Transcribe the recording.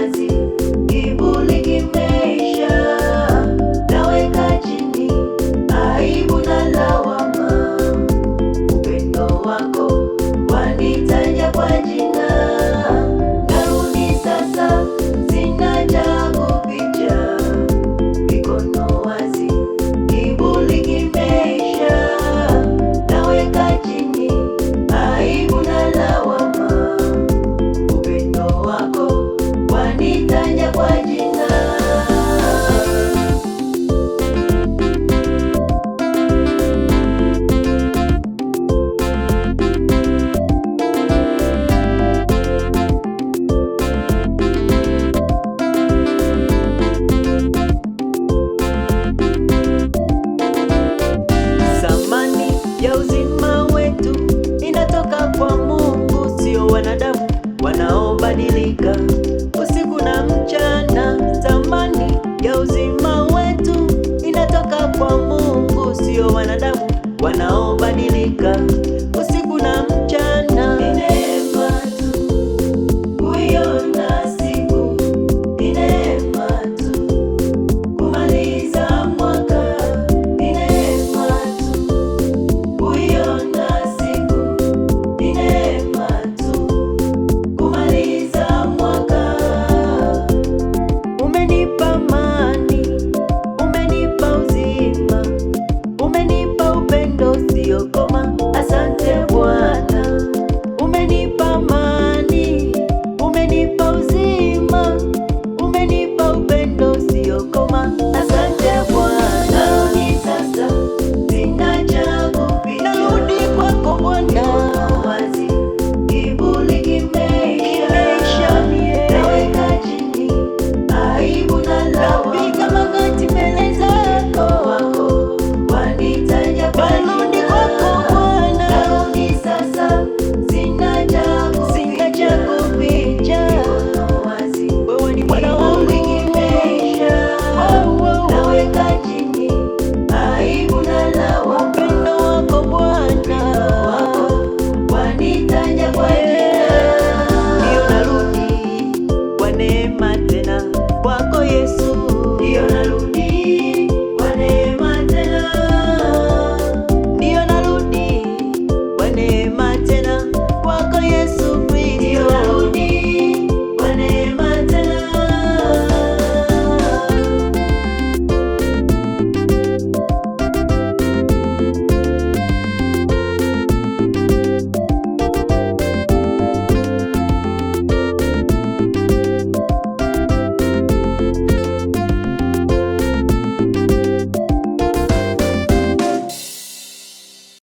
was wanadamu wanaobadilika neema tena kwako Yesu.